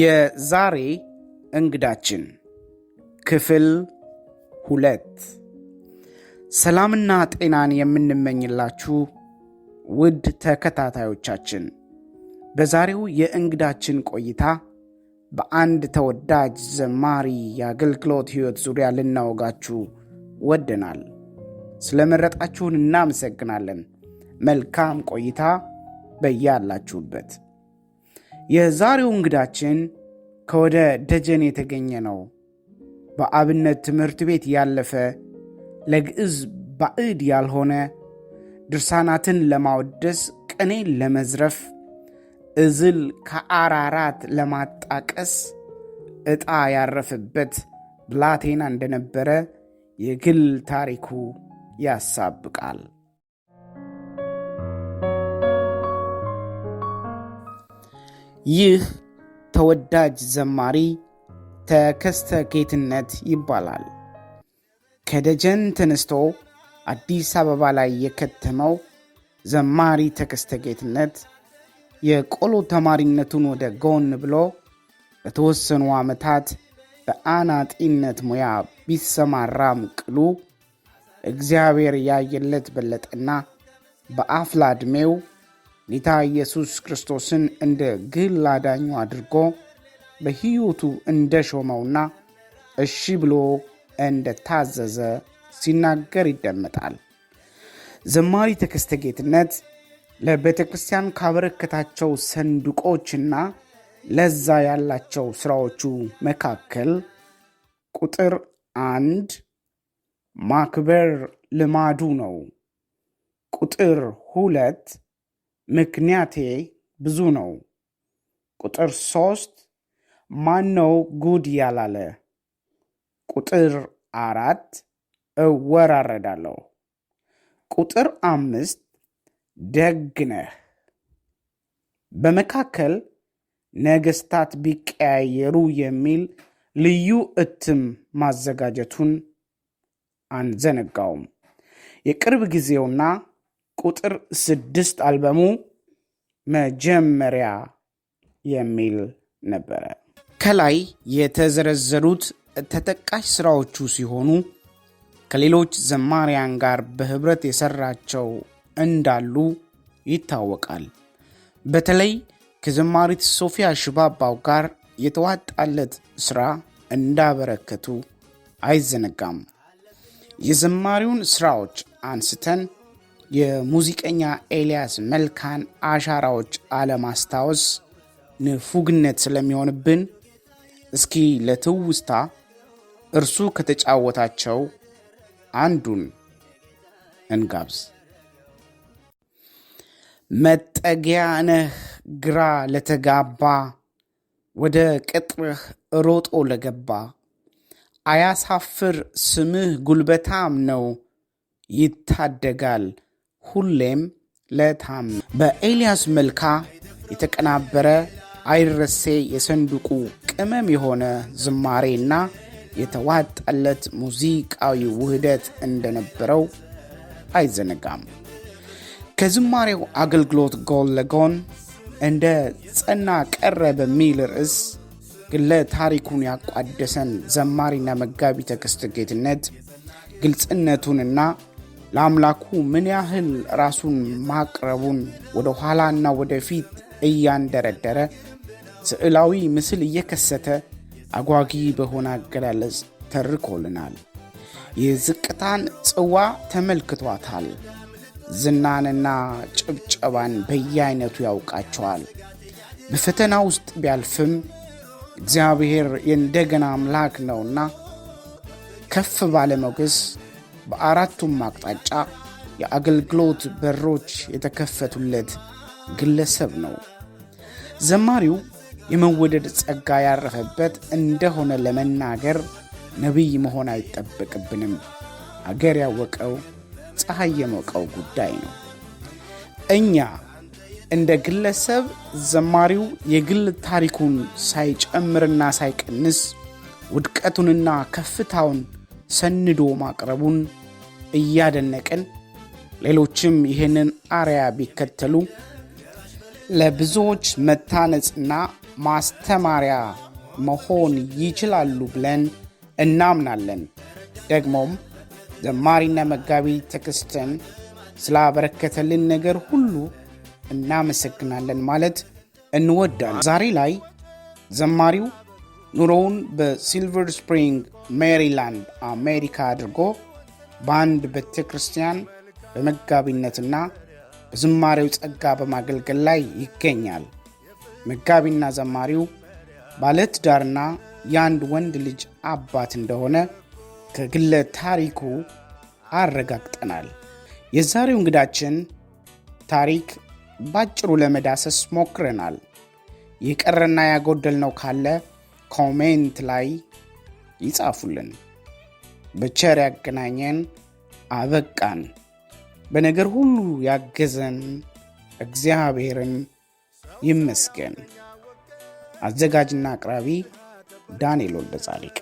የዛሬ እንግዳችን ክፍል ሁለት ሰላምና ጤናን የምንመኝላችሁ ውድ ተከታታዮቻችን በዛሬው የእንግዳችን ቆይታ በአንድ ተወዳጅ ዘማሪ የአገልግሎት ሕይወት ዙሪያ ልናወጋችሁ ወደናል። ስለመረጣችሁን እናመሰግናለን። መልካም ቆይታ በያላችሁበት የዛሬው እንግዳችን ከወደ ደጀን የተገኘ ነው። በአብነት ትምህርት ቤት ያለፈ ለግዕዝ ባዕድ ያልሆነ ድርሳናትን ለማወደስ ቅኔን ለመዝረፍ እዝል ከአራራት ለማጣቀስ ዕጣ ያረፈበት ብላቴና እንደነበረ የግል ታሪኩ ያሳብቃል። ይህ ተወዳጅ ዘማሪ ተከስተ ጌትነት ይባላል። ከደጀን ተነስቶ አዲስ አበባ ላይ የከተመው ዘማሪ ተከስተ ጌትነት የቆሎ ተማሪነቱን ወደ ጎን ብሎ በተወሰኑ ዓመታት በአናጢነት ሙያ ቢሰማራም ቅሉ እግዚአብሔር ያየለት በለጠና በአፍላ ዕድሜው ጌታ ኢየሱስ ክርስቶስን እንደ ግል አዳኙ አድርጎ በሕይወቱ እንደ ሾመውና እሺ ብሎ እንደ ታዘዘ ሲናገር ይደመጣል። ዘማሪ ተከስተ ጌትነት ለቤተ ክርስቲያን ካበረከታቸው ሰንዱቆችና ለዛ ያላቸው ሥራዎቹ መካከል ቁጥር አንድ ማክበር ልማዱ ነው። ቁጥር ሁለት ምክንያቴ ብዙ ነው። ቁጥር ሶስት ነው ጉድ ያላለ? ቁጥር አራት እወራረዳለሁ። ቁጥር አምስት ደግ ነህ። በመካከል ነገስታት ቢቀያየሩ የሚል ልዩ እትም ማዘጋጀቱን አንዘነጋውም። የቅርብ ጊዜውና ቁጥር ስድስት አልበሙ መጀመሪያ የሚል ነበረ። ከላይ የተዘረዘሩት ተጠቃሽ ስራዎቹ ሲሆኑ ከሌሎች ዘማሪያን ጋር በህብረት የሰራቸው እንዳሉ ይታወቃል። በተለይ ከዘማሪት ሶፊያ ሽባባው ጋር የተዋጣለት ስራ እንዳበረከቱ አይዘነጋም። የዘማሪውን ስራዎች አንስተን የሙዚቀኛ ኤልያስ መልካን አሻራዎች አለማስታወስ ንፉግነት ስለሚሆንብን እስኪ ለትውስታ እርሱ ከተጫወታቸው አንዱን እንጋብዝ። መጠጊያ ነህ ግራ ለተጋባ፣ ወደ ቅጥርህ ሮጦ ለገባ፣ አያሳፍር ስምህ ጉልበታም ነው ይታደጋል ሁሌም ለታም በኤልያስ መልካ የተቀናበረ አይረሴ የሰንዱቁ ቅመም የሆነ ዝማሬና የተዋጣለት ሙዚቃዊ ውህደት እንደነበረው አይዘነጋም። ከዝማሬው አገልግሎት ጎን ለጎን እንደ ጸና ቀረ በሚል ርዕስ ግለ ታሪኩን ያቋደሰን ዘማሪና መጋቢ ተከስተ ጌትነት ግልጽነቱንና ለአምላኩ ምን ያህል ራሱን ማቅረቡን ወደ ኋላና ፊት እያንደረደረ ስዕላዊ ምስል እየከሰተ አጓጊ በሆነ አገላለጽ ተርኮልናል። የዝቅታን ጽዋ ተመልክቷታል። ዝናንና ጭብጨባን በየአይነቱ ያውቃቸዋል። በፈተና ውስጥ ቢያልፍም እግዚአብሔር የእንደገና አምላክ ነውና ከፍ ባለ ሞገስ በአራቱም አቅጣጫ የአገልግሎት በሮች የተከፈቱለት ግለሰብ ነው። ዘማሪው የመወደድ ጸጋ ያረፈበት እንደሆነ ለመናገር ነቢይ መሆን አይጠበቅብንም። አገር ያወቀው ፀሐይ የሞቀው ጉዳይ ነው። እኛ እንደ ግለሰብ ዘማሪው የግል ታሪኩን ሳይጨምርና ሳይቀንስ ውድቀቱንና ከፍታውን ሰንዶ ማቅረቡን እያደነቅን ሌሎችም ይህንን አርያ ቢከተሉ ለብዙዎች መታነጽና ማስተማሪያ መሆን ይችላሉ ብለን እናምናለን። ደግሞም ዘማሪና መጋቢ ትዕግስትን ስላበረከተልን ነገር ሁሉ እናመሰግናለን ማለት እንወዳል ዛሬ ላይ ዘማሪው ኑሮውን በሲልቨር ስፕሪንግ ሜሪላንድ አሜሪካ አድርጎ በአንድ ቤተ ክርስቲያን በመጋቢነትና በዝማሬው ጸጋ በማገልገል ላይ ይገኛል። መጋቢና ዘማሪው ባለት ዳርና የአንድ ወንድ ልጅ አባት እንደሆነ ከግለ ታሪኩ አረጋግጠናል። የዛሬው እንግዳችን ታሪክ ባጭሩ ለመዳሰስ ሞክረናል። የቀረና ያጎደል ነው ካለ ኮሜንት ላይ ይጻፉልን። በቸር ያገናኘን፣ አበቃን። በነገር ሁሉ ያገዘን እግዚአብሔርን ይመስገን። አዘጋጅና አቅራቢ ዳንኤል ወልደ ጻሪቅ